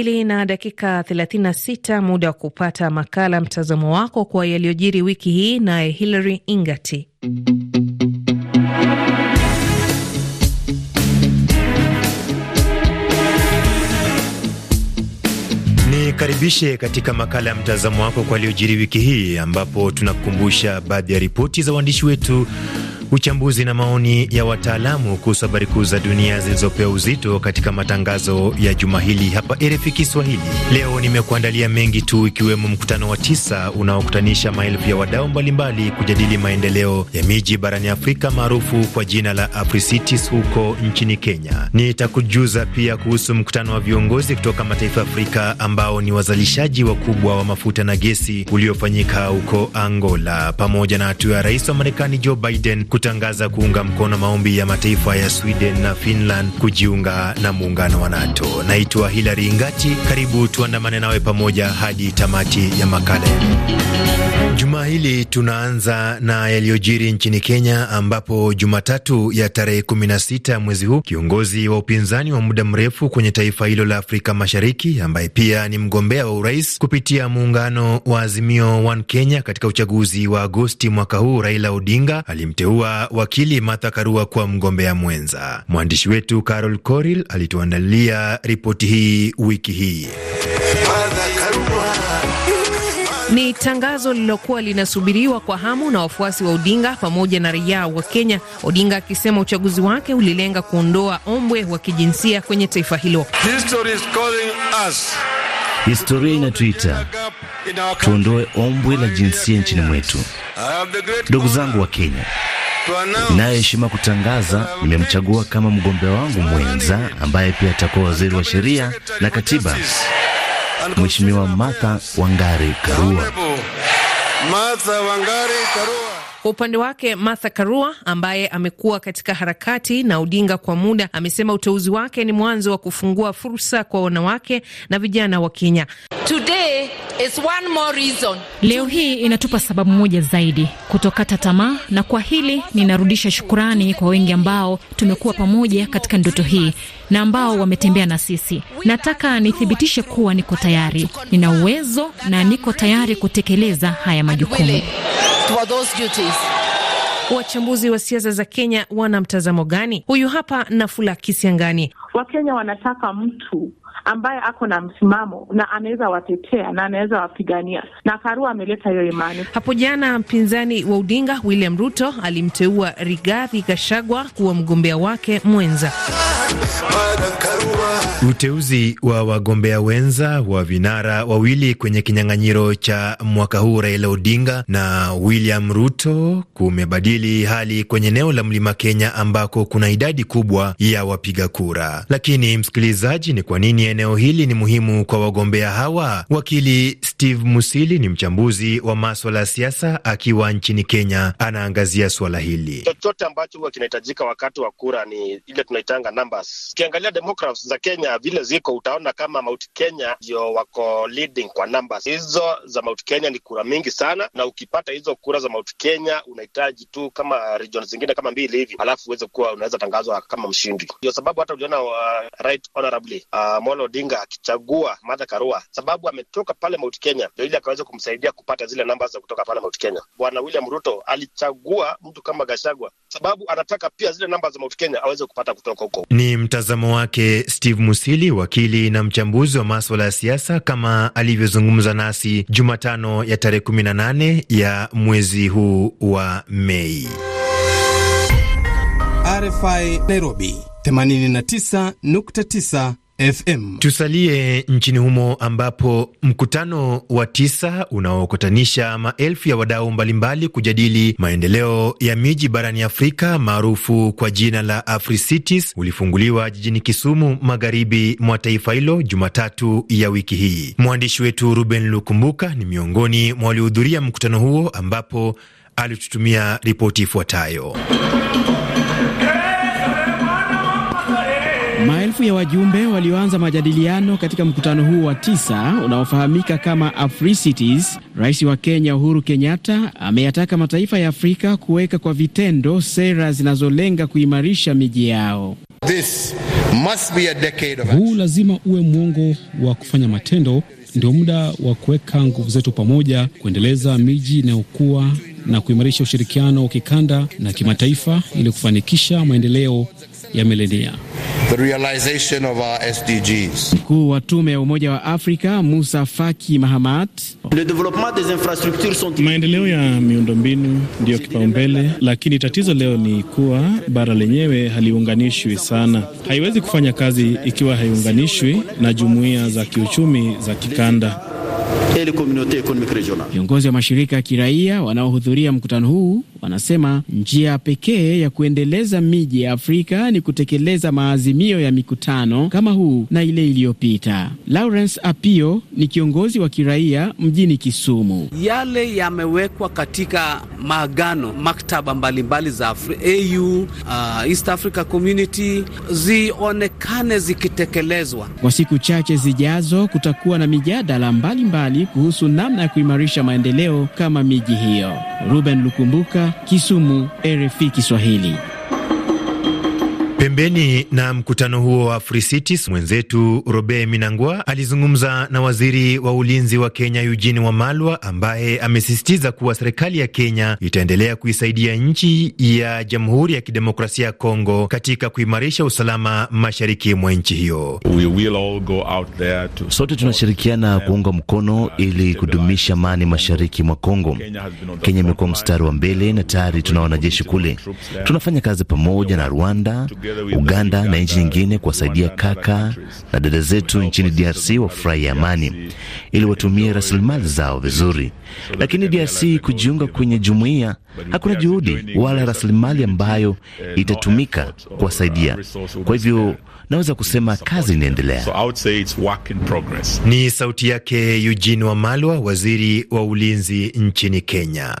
hili na dakika 36, muda wa kupata makala mtazamo wako kwa yaliyojiri wiki hii, naye Hilary Ingati. Karibishe katika makala ya mtazamo wako kwa aliojiri wiki hii, ambapo tunakukumbusha baadhi ya ripoti za waandishi wetu Uchambuzi na maoni ya wataalamu kuhusu habari kuu za dunia zilizopewa uzito katika matangazo ya juma hili hapa RFI Kiswahili. Leo nimekuandalia mengi tu, ikiwemo mkutano wa tisa unaokutanisha maelfu ya wadau mbalimbali kujadili maendeleo ya miji barani Afrika maarufu kwa jina la AfriCities huko nchini Kenya. Nitakujuza pia kuhusu mkutano wa viongozi kutoka mataifa ya Afrika ambao ni wazalishaji wakubwa wa mafuta na gesi uliofanyika huko Angola, pamoja na hatua ya rais wa Marekani Joe Biden kutangaza kuunga mkono maombi ya mataifa ya Sweden na Finland kujiunga na muungano wa NATO. Naitwa Hilary Ngati, karibu tuandamane nawe pamoja hadi tamati ya makala. Jumaa hili tunaanza na yaliyojiri nchini Kenya, ambapo Jumatatu ya tarehe 16 mwezi huu kiongozi wa upinzani wa muda mrefu kwenye taifa hilo la Afrika Mashariki ambaye pia ni mgombea wa urais kupitia muungano wa Azimio One Kenya katika uchaguzi wa Agosti mwaka huu, Raila Odinga alimteua kumchagua wakili Martha Karua kuwa mgombea mwenza. Mwandishi wetu Carol Coril alituandalia ripoti hii wiki hii. Ni tangazo lililokuwa linasubiriwa kwa hamu na wafuasi wa Odinga pamoja na raia wa Kenya, Odinga akisema uchaguzi wake ulilenga kuondoa ombwe wa kijinsia kwenye taifa hilo. Historia inatuita tuondoe ombwe la jinsia nchini mwetu. Ndugu zangu wa Kenya, heshima kutangaza nimemchagua kama mgombea wangu mwenza ambaye pia atakuwa waziri wa sheria na katiba, Mheshimiwa Martha Wangari Karua. Kwa upande wake Martha Karua ambaye amekuwa katika harakati na Odinga kwa muda amesema uteuzi wake ni mwanzo wa kufungua fursa kwa wanawake na vijana wa Kenya. Today It's one more reason. Leo hii inatupa sababu moja zaidi kutokata tamaa, na kwa hili ninarudisha shukurani kwa wengi ambao tumekuwa pamoja katika ndoto hii na ambao wametembea na sisi. Nataka nithibitishe kuwa niko tayari, nina uwezo na niko tayari kutekeleza haya majukumu. Wachambuzi wa siasa za Kenya wana mtazamo gani? Huyu hapa Nafula Kisiangani. Wakenya wanataka mtu ambaye ako na msimamo na anaweza watetea na anaweza wapigania, na Karua ameleta hiyo imani. Hapo jana mpinzani wa Odinga William Ruto alimteua Rigathi Gachagua kuwa mgombea wake mwenza. Uteuzi wa wagombea wenza wa vinara wawili kwenye kinyang'anyiro cha mwaka huu Raila Odinga na William Ruto kumebadili hali kwenye eneo la Mlima Kenya ambako kuna idadi kubwa ya wapiga kura. Lakini msikilizaji, ni kwa nini eneo hili ni muhimu kwa wagombea hawa? Wakili Steve Musili ni mchambuzi wa maswala ya siasa akiwa nchini Kenya, anaangazia swala hili. Chochote ambacho huwa kinahitajika wakati wa kura ni ile tunaitanga numbers. Ukiangalia Democrats za Kenya vile ziko, utaona kama Mount Kenya ndio wako leading kwa numbers. Hizo za Mount Kenya ni kura mingi sana, na ukipata hizo kura za Mount Kenya unahitaji tu kama region zingine kama mbili hivi, alafu uweze kuwa unaweza tangazwa kama mshindi. Ndio sababu hata uliona uh, right honorably uh, Molo Raila Odinga akichagua Martha Karua, sababu ametoka pale Mount Kenya ndio ili akaweza kumsaidia kupata zile namba za kutoka pale Mount Kenya. Bwana William Ruto alichagua mtu kama Gashagwa sababu anataka pia zile namba za Mount Kenya aweze kupata kutoka huko. Ni mtazamo wake Steve Musili, wakili na mchambuzi wa maswala ya siasa, kama alivyozungumza nasi Jumatano ya tarehe 18 ya mwezi huu wa Mei. RFI Nairobi 89.9 FM. Tusalie nchini humo ambapo mkutano wa tisa unaokutanisha maelfu ya wadau mbalimbali kujadili maendeleo ya miji barani Afrika maarufu kwa jina la AfriCities ulifunguliwa jijini Kisumu magharibi mwa taifa hilo Jumatatu ya wiki hii. Mwandishi wetu Ruben Lukumbuka ni miongoni mwa waliohudhuria mkutano huo ambapo alitutumia ripoti ifuatayo. Maelfu ya wajumbe walioanza majadiliano katika mkutano huo wa tisa unaofahamika kama Africities. Rais wa Kenya Uhuru Kenyatta ameyataka mataifa ya Afrika kuweka kwa vitendo sera zinazolenga kuimarisha miji yao. This must be a decade of huu lazima uwe mwongo wa kufanya matendo. Ndio muda wa kuweka nguvu zetu pamoja, kuendeleza miji inayokuwa na kuimarisha ushirikiano wa kikanda na kimataifa ili kufanikisha maendeleo ya milenia. Mkuu wa tume ya Umoja wa Afrika Musa Faki Mahamat, maendeleo ya miundombinu ndiyo kipaumbele, lakini tatizo leo ni kuwa bara lenyewe haliunganishwi sana. Haiwezi kufanya kazi ikiwa haiunganishwi na jumuiya za kiuchumi za kikanda. Viongozi wa mashirika ya kiraia wanaohudhuria mkutano huu wanasema njia pekee ya kuendeleza miji ya Afrika ni kutekeleza maazimio ya mikutano kama huu na ile iliyopita. Lawrence Apio ni kiongozi wa kiraia mjini Kisumu. Yale yamewekwa katika maagano, maktaba mbalimbali za Afri AU, uh, East Africa Community zionekane zikitekelezwa. Kwa siku chache zijazo, kutakuwa na mijadala mbalimbali mbali kuhusu namna ya kuimarisha maendeleo kama miji hiyo. Ruben Lukumbuka, Kisumu, RFI Kiswahili. Pembeni na mkutano huo wa Free mwenzetu Robe Minangwa alizungumza na waziri wa ulinzi wa Kenya Eugene Wamalwa, ambaye amesisitiza kuwa serikali ya Kenya itaendelea kuisaidia nchi ya Jamhuri ya Kidemokrasia ya Kongo katika kuimarisha usalama mashariki mwa nchi hiyo. to... sote tunashirikiana kuunga mkono ili kudumisha amani mashariki mwa Kongo. Kenya imekuwa mstari wa mbele na tayari tuna wanajeshi kule. Tunafanya kazi pamoja na Rwanda Uganda na nchi nyingine kuwasaidia kaka na dada zetu nchini DRC wafurahi amani, ili watumie rasilimali zao vizuri. Lakini DRC kujiunga kwenye jumuiya, hakuna juhudi wala rasilimali ambayo itatumika kuwasaidia. Kwa hivyo naweza kusema kazi inaendelea. Ni sauti yake Eugene Wamalwa, waziri wa ulinzi nchini Kenya.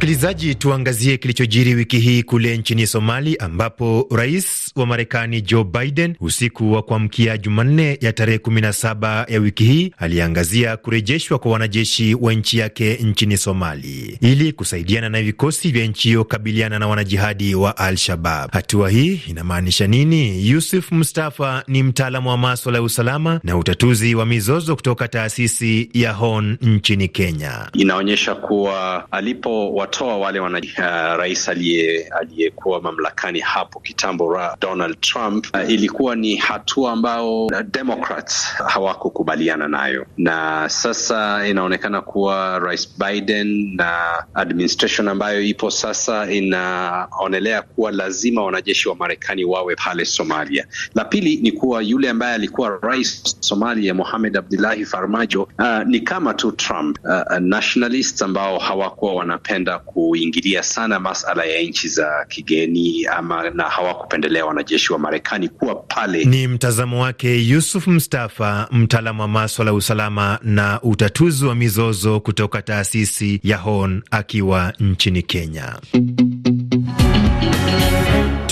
Msikilizaji, tuangazie kilichojiri wiki hii kule nchini Somali, ambapo rais wa Marekani Joe Biden usiku wa kuamkia Jumanne ya tarehe 17 ya wiki hii aliangazia kurejeshwa kwa wanajeshi wa nchi yake nchini Somali ili kusaidiana na vikosi vya nchi hiyo kabiliana na wanajihadi wa Al-Shabab. Hatua hii inamaanisha nini? Yusuf Mustafa ni mtaalamu wa maswala ya usalama na utatuzi wa mizozo kutoka taasisi ya Horn nchini Kenya. Inaonyesha kuwa alipo kuwatoa wale wana uh, rais aliyekuwa mamlakani hapo kitambo ra, Donald Trump uh, ilikuwa ni hatua ambayo uh, Democrats hawakukubaliana nayo, na sasa inaonekana kuwa Rais Biden na administration ambayo ipo sasa inaonelea kuwa lazima wanajeshi wa Marekani wawe pale Somalia. La pili ni kuwa yule ambaye alikuwa rais Somalia Mohamed Abdullahi Farmajo uh, ni kama tu Trump uh, nationalists ambao hawakuwa wanapenda kuingilia sana masala ya nchi za kigeni ama, na hawakupendelea wanajeshi wa Marekani kuwa pale. Ni mtazamo wake Yusuf Mustafa, mtaalamu wa maswala ya usalama na utatuzi wa mizozo kutoka taasisi ya Horn akiwa nchini Kenya.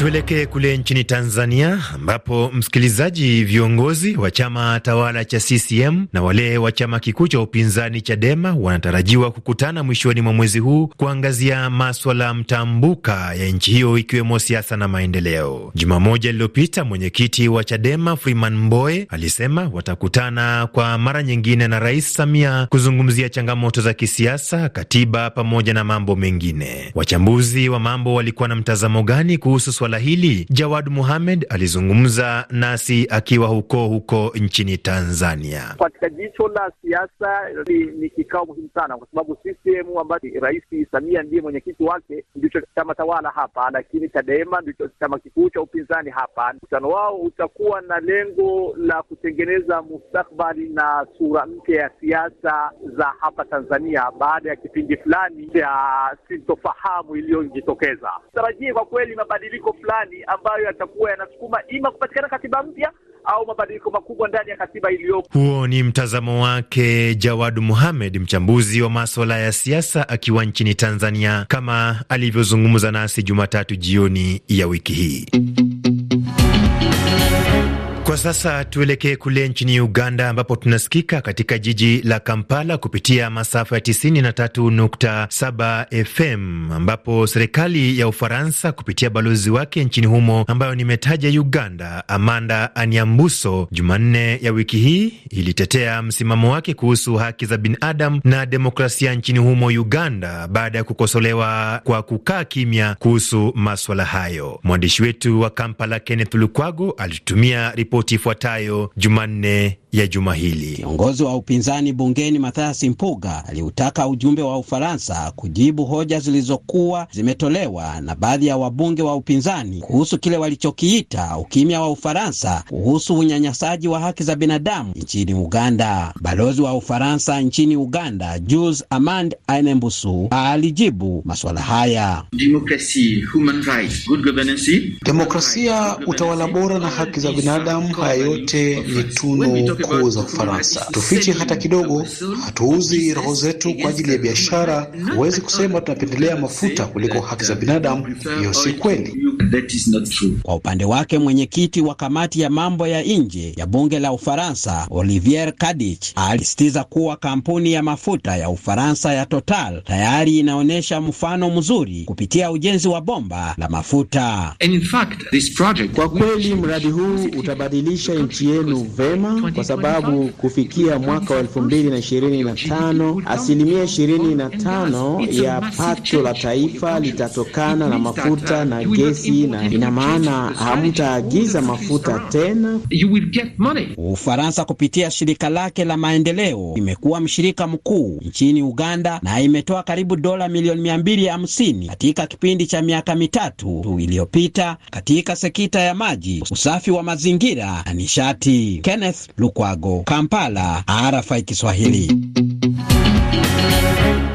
Tuelekee kule nchini Tanzania ambapo msikilizaji, viongozi wa chama tawala cha CCM na wale wa chama kikuu cha upinzani Chadema wanatarajiwa kukutana mwishoni mwa mwezi huu kuangazia maswala mtambuka ya nchi hiyo ikiwemo siasa na maendeleo. Juma moja lililopita, mwenyekiti wa Chadema Freeman Mbowe alisema watakutana kwa mara nyingine na Rais Samia kuzungumzia changamoto za kisiasa, katiba pamoja na mambo mengine. Wachambuzi wa mambo walikuwa na mtazamo gani kuhusu swala suala hili. Jawad Muhamed alizungumza nasi akiwa huko huko nchini Tanzania. Katika jicho la siasa ni, ni kikao muhimu sana, kwa sababu CCM ambayo Rais Samia ndiye mwenyekiti wake ndicho chama tawala hapa, lakini Chadema ndicho chama kikuu cha upinzani hapa. Mkutano wao utakuwa na lengo la kutengeneza mustakbali na sura mpya ya siasa za hapa Tanzania baada ya kipindi fulani cha sintofahamu iliyojitokeza. Tarajie kwa kweli mabadiliko fulani fulani ambayo yatakuwa yanasukuma ima kupatikana katiba mpya au mabadiliko makubwa ndani ya katiba iliyopo. Huo ni mtazamo wake Jawad Muhamed, mchambuzi wa maswala ya siasa akiwa nchini Tanzania, kama alivyozungumza nasi Jumatatu jioni ya wiki hii sasa tuelekee kule nchini Uganda ambapo tunasikika katika jiji la Kampala kupitia masafa ya 93.7 FM, ambapo serikali ya Ufaransa kupitia balozi wake nchini humo ambayo nimetaja Uganda, Amanda Anyambuso, Jumanne ya wiki hii ilitetea msimamo wake kuhusu haki za binadamu na demokrasia nchini humo Uganda, baada ya kukosolewa kwa kukaa kimya kuhusu maswala hayo. Mwandishi wetu wa Kampala Kenneth Lukwago alitumia ripoti ripoti ifuatayo Jumanne ya juma hili. Kiongozi wa upinzani bungeni Mathias Mpuga aliutaka ujumbe wa Ufaransa kujibu hoja zilizokuwa zimetolewa na baadhi ya wabunge wa upinzani kuhusu kile walichokiita ukimya wa Ufaransa kuhusu unyanyasaji wa haki za binadamu nchini Uganda. Balozi wa Ufaransa nchini Uganda Jules Amand Enembusu alijibu maswala haya: demokrasia, utawala bora na haki za binadamu, haya yote ni tuno kuu za Ufaransa. Tufiche hata kidogo, hatuuzi roho zetu kwa ajili ya biashara. Huwezi kusema tunapendelea mafuta kuliko haki za binadamu, hiyo si kweli. Kwa upande wake, mwenyekiti wa kamati ya mambo ya nje ya bunge la Ufaransa Olivier Kadich alisitiza kuwa kampuni ya mafuta ya Ufaransa ya Total tayari inaonyesha mfano mzuri kupitia ujenzi wa bomba la mafuta. Fact, kwa kweli mradi huu utabadilisha nchi yenu vema kwa sababu kufikia mwaka wa 2025 asilimia 25 ya pato la taifa litatokana na mafuta na gesi, na ina maana hamtaagiza mafuta tena. Ufaransa kupitia shirika lake la maendeleo imekuwa mshirika mkuu nchini Uganda na imetoa karibu dola milioni hamsini katika kipindi cha miaka mitatu iliyopita katika sekita ya maji, usafi wa mazingira na nishati. Kenneth Luku kwago. Kampala, RFI Kiswahili.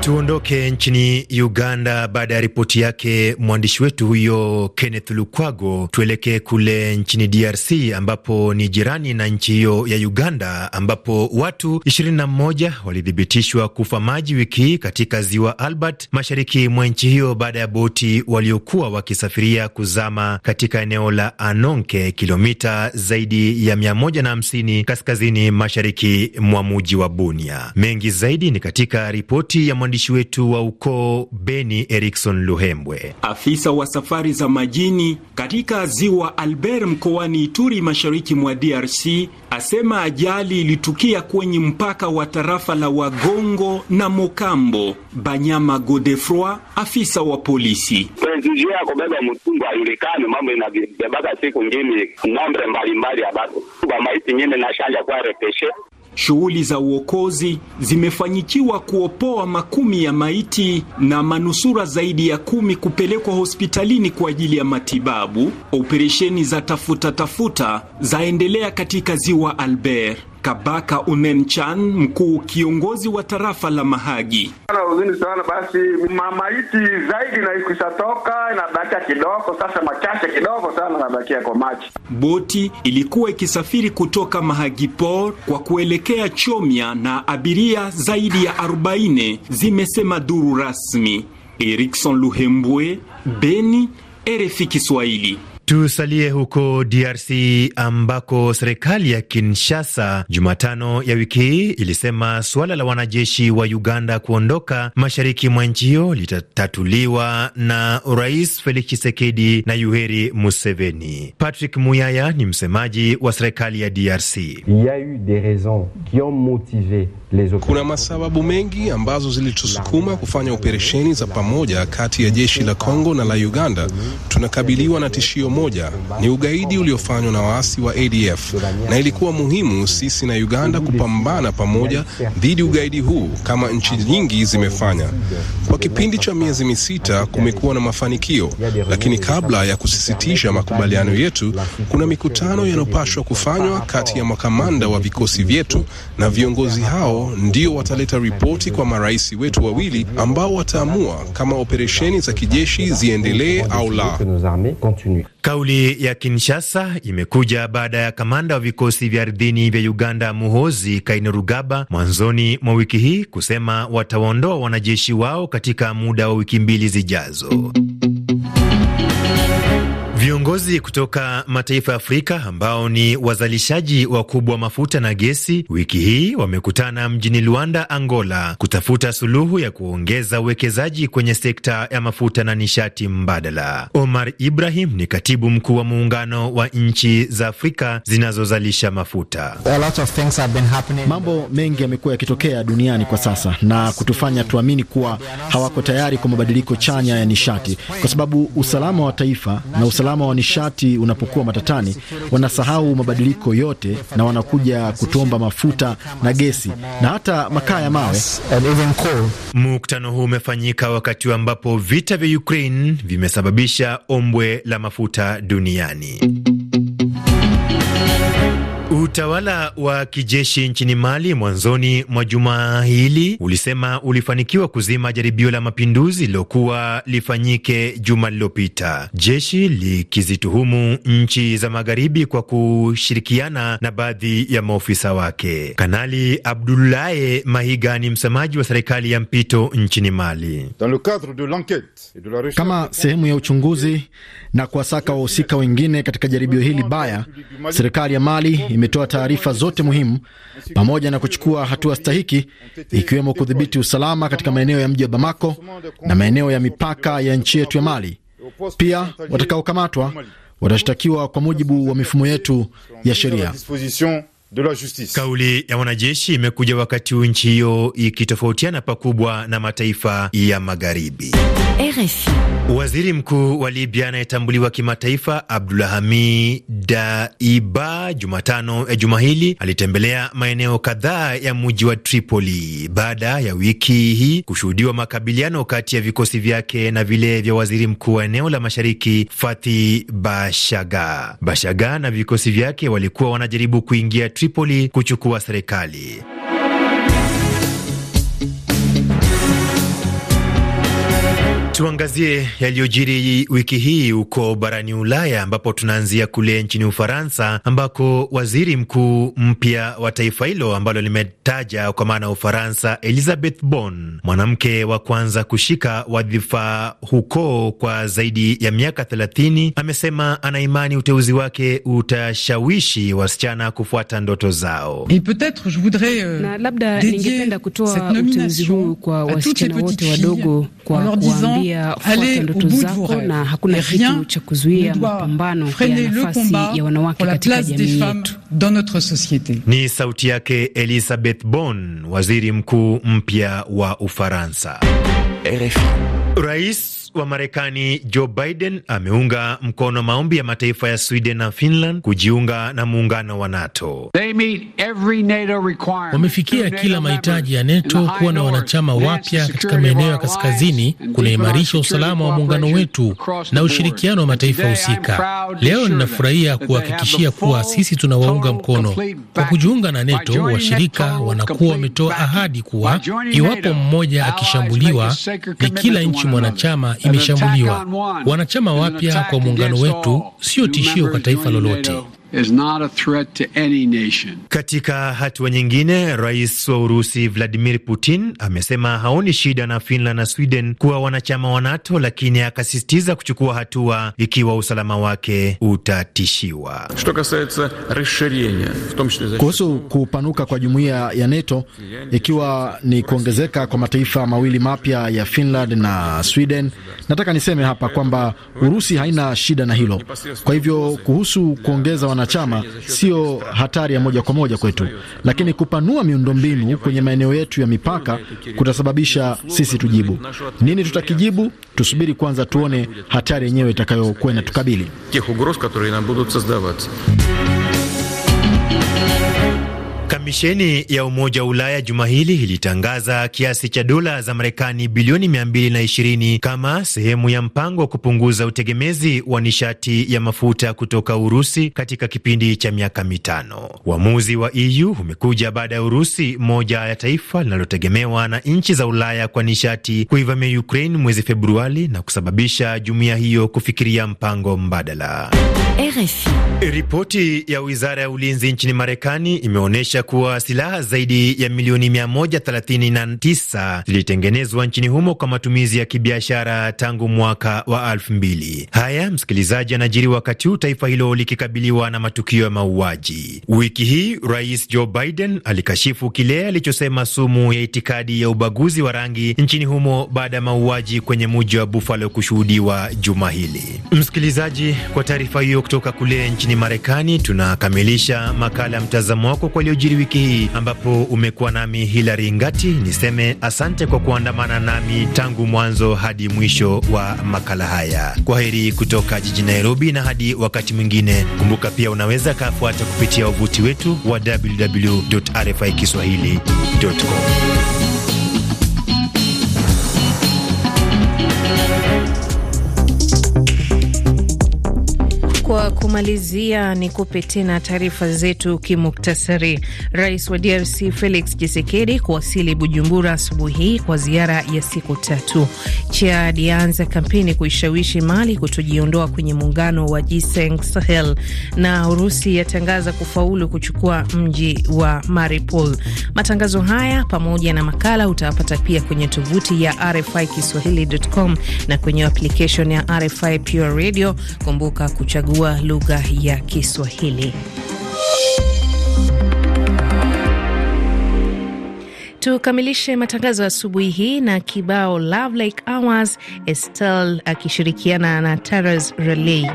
Tuondoke nchini Uganda baada ya ripoti yake mwandishi wetu huyo Kenneth Lukwago. Tuelekee kule nchini DRC ambapo ni jirani na nchi hiyo ya Uganda, ambapo watu 21 walithibitishwa kufa maji wiki hii katika ziwa Albert mashariki mwa nchi hiyo baada ya boti waliokuwa wakisafiria kuzama katika eneo la Anonke, kilomita zaidi ya 150 kaskazini mashariki mwa muji wa Bunia. Mengi zaidi ni katika ripoti ya mwandishi wetu wa ukoo Beni, Erikson Luhembwe. Afisa wa safari za majini katika ziwa Albert mkoani Ituri, mashariki mwa DRC, asema ajali ilitukia kwenye mpaka wa tarafa la Wagongo na Mokambo. Banyama Godefroi, afisa wa polisi Prejuje ya kubeba mtumbu ayulikane mambo inabaka siku ngine nombre mbalimbali ya batu bamaiti ngine nashanja kwa repeshe Shughuli za uokozi zimefanyikiwa kuopoa makumi ya maiti na manusura zaidi ya kumi kupelekwa hospitalini kwa ajili ya matibabu. Operesheni za tafuta tafuta zaendelea katika ziwa Albert. Kabaka Unenchan, mkuu kiongozi wa tarafa la Mahagi. Huzuni sana basi, mamaiti zaidi na ikwishatoka inabakia kidogo sasa, machache kidogo sana nabakia kwa maji. Boti ilikuwa ikisafiri kutoka Mahagi Port kwa kuelekea Chomia na abiria zaidi ya 40 zimesema duru rasmi. Erikson Luhembwe, Beni, RFI Kiswahili. Tusalie huko DRC ambako serikali ya Kinshasa Jumatano ya wiki hii ilisema suala la wanajeshi wa Uganda kuondoka mashariki mwa nchi hiyo litatatuliwa na Rais Felix Tshisekedi na Yoweri Museveni. Patrick Muyaya ni msemaji wa serikali ya DRC. Kuna masababu mengi ambazo zilitusukuma kufanya operesheni za pamoja kati ya jeshi la Kongo na la Uganda. Tunakabiliwa na tishio moja ni ugaidi uliofanywa na waasi wa ADF na ilikuwa muhimu sisi na Uganda kupambana pamoja dhidi ugaidi huu kama nchi nyingi zimefanya. Kwa kipindi cha miezi misita kumekuwa na mafanikio, lakini kabla ya kusisitisha makubaliano yetu, kuna mikutano yanayopashwa kufanywa kati ya makamanda wa vikosi vyetu na viongozi hao ndio wataleta ripoti kwa marais wetu wawili ambao wataamua kama operesheni za kijeshi ziendelee au la. Kauli ya Kinshasa imekuja baada ya kamanda wa vikosi vya ardhini vya Uganda Muhozi Kainerugaba mwanzoni mwa wiki hii kusema watawaondoa wanajeshi wao katika muda wa wiki mbili zijazo. Viongozi kutoka mataifa ya Afrika ambao ni wazalishaji wakubwa wa mafuta na gesi, wiki hii wamekutana mjini Luanda, Angola, kutafuta suluhu ya kuongeza uwekezaji kwenye sekta ya mafuta na nishati mbadala. Omar Ibrahim ni katibu mkuu wa muungano wa nchi za Afrika zinazozalisha mafuta. Mambo mengi yamekuwa yakitokea duniani kwa sasa na kutufanya tuamini kuwa hawako tayari kwa mabadiliko chanya ya nishati, kwa sababu usalama wa taifa na usalama wa nishati unapokuwa matatani, wanasahau mabadiliko yote na wanakuja kutuomba mafuta na gesi na hata makaa ya mawe. Mkutano huu umefanyika wakati ambapo vita vya Ukraine vimesababisha ombwe la mafuta duniani. Utawala wa kijeshi nchini Mali mwanzoni mwa juma hili ulisema ulifanikiwa kuzima jaribio la mapinduzi lilokuwa lifanyike juma lililopita, jeshi likizituhumu nchi za magharibi kwa kushirikiana na baadhi ya maofisa wake. Kanali Abdulaye Mahiga ni msemaji wa serikali ya mpito nchini Mali. Kama sehemu ya uchunguzi na kuwasaka wahusika wengine katika jaribio hili baya, serikali ya Mali imetoa taarifa zote muhimu pamoja na kuchukua hatua stahiki, ikiwemo kudhibiti usalama katika maeneo ya mji wa Bamako na maeneo ya mipaka ya nchi yetu ya Mali. Pia watakaokamatwa watashtakiwa kwa mujibu wa mifumo yetu ya sheria de la justice. Kauli ya wanajeshi imekuja wakati huu nchi hiyo ikitofautiana pakubwa na mataifa ya magharibi. RFI. Waziri Mkuu wa Libya anayetambuliwa kimataifa abdulhami Daiba Jumatano ya eh, juma hili alitembelea maeneo kadhaa ya mji wa Tripoli baada ya wiki hii kushuhudiwa makabiliano kati ya vikosi vyake na vile vya waziri mkuu wa eneo la mashariki Fathi Bashaga. Bashaga na vikosi vyake walikuwa wanajaribu kuingia Tripoli kuchukua serikali. Tuangazie yaliyojiri wiki hii huko barani Ulaya, ambapo tunaanzia kule nchini Ufaransa, ambako waziri mkuu mpya wa taifa hilo ambalo limetaja kwa maana ya Ufaransa, Elizabeth Borne, mwanamke wa kwanza kushika wadhifa huko kwa zaidi ya miaka thelathini, amesema anaimani uteuzi wake utashawishi wasichana kufuata ndoto zao. Euh, Na labda ningependa kutoa uteuzi huu kwa wasichana wote wadogo kwa kuambia pia fuata ndoto zako na hakuna kitu cha kuzuia mapambano ya nafasi ya wanawake katika jamii yetu. Ni sauti yake elizabeth Bon, waziri mkuu mpya wa Ufaransa. RFI. Rais wa Marekani Joe Biden ameunga mkono maombi ya mataifa ya Sweden na Finland kujiunga na muungano wa NATO. Wamefikia kila mahitaji ya NATO kuwa na wanachama wapya katika maeneo ya kaskazini kunaimarisha usalama wa muungano wetu na ushirikiano wa mataifa husika. Leo ninafurahia kuhakikishia kuwa sisi tunawaunga mkono kwa kujiunga na NATO. Washirika wanakuwa wametoa ahadi kuwa iwapo mmoja akishambuliwa, ni kila nchi mwanachama imeshambuliwa. Wanachama wapya kwa muungano wetu sio tishio kwa taifa lolote is not a threat to any nation. Katika hatua nyingine, rais wa Urusi Vladimir Putin amesema haoni shida na Finland na Sweden kuwa wanachama wa NATO, lakini akasisitiza kuchukua hatua ikiwa usalama wake utatishiwa. Kuhusu kupanuka kwa jumuiya ya NATO, ikiwa ni kuongezeka kwa mataifa mawili mapya ya Finland na Sweden, nataka niseme hapa kwamba Urusi haina shida na hilo. Kwa hivyo kuhusu kuongeza wana wanachama sio hatari ya moja kwa moja kwetu, lakini kupanua miundombinu kwenye maeneo yetu ya mipaka kutasababisha sisi tujibu. Nini tutakijibu? Tusubiri kwanza tuone hatari yenyewe itakayokuwa inatukabili. Kamisheni ya Umoja wa Ulaya juma hili ilitangaza kiasi cha dola za Marekani bilioni 220 kama sehemu ya mpango wa kupunguza utegemezi wa nishati ya mafuta kutoka Urusi katika kipindi cha miaka mitano. Uamuzi wa EU umekuja baada ya Urusi, moja ya taifa linalotegemewa na nchi za Ulaya kwa nishati, kuivamia Ukraine mwezi Februari na kusababisha jumuiya hiyo kufikiria mpango mbadala. RFI. Ripoti ya wizara ya ulinzi nchini Marekani imeonyesha kuwa silaha zaidi ya milioni 139 zilitengenezwa nchini humo kwa matumizi ya kibiashara tangu mwaka wa 2000. Haya, msikilizaji, anajiri wakati huu taifa hilo likikabiliwa na matukio ya mauaji. Wiki hii Rais Joe Biden alikashifu kile alichosema sumu ya itikadi ya ubaguzi wa rangi nchini humo baada ya mauaji kwenye muji wa Buffalo kushuhudiwa juma hili. Msikilizaji, kwa taarifa hiyo kutoka kule nchini Marekani tunakamilisha makala ya mtazamo wako kwa yaliyojiri alfajiri wiki hii ambapo umekuwa nami Hilary Ngati. Niseme asante kwa kuandamana nami tangu mwanzo hadi mwisho wa makala haya. Kwa heri kutoka jiji Nairobi na hadi wakati mwingine. Kumbuka pia unaweza kafuata kupitia wavuti wetu wa www.rfi kiswahili.com. Kwa kumalizia, ni kupe tena taarifa zetu kimuktasari. Rais wa DRC Felix Tshisekedi kuwasili Bujumbura asubuhi hii kwa ziara ya siku tatu. Chad yaanza kampeni kuishawishi Mali kutojiondoa kwenye muungano wa G5 Sahel, na Urusi yatangaza kufaulu kuchukua mji wa Mariupol. Matangazo haya pamoja na makala utawapata pia kwenye tovuti ya RFI Kiswahili.com na kwenye application ya RFI Pure Radio. Kumbuka kuchagua kuchagua lugha ya Kiswahili. Tukamilishe matangazo asubuhi hii na kibao Love Like Ours, Estel akishirikiana na Taras Relay.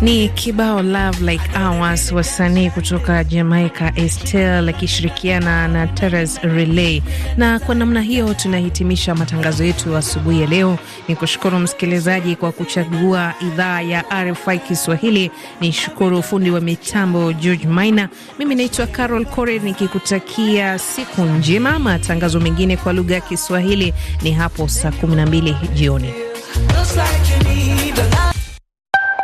Ni kibao Love Like Hours, wasanii kutoka Jamaica Estel akishirikiana na Teres Relay. Na kwa namna hiyo tunahitimisha matangazo yetu asubuhi ya leo. Ni kushukuru msikilizaji kwa kuchagua idhaa ya RFI Kiswahili. Ni shukuru ufundi wa mitambo George Maina. Mimi naitwa Carol Core nikikutakia siku njema. Matangazo mengine kwa lugha ya Kiswahili ni hapo saa 12 jioni.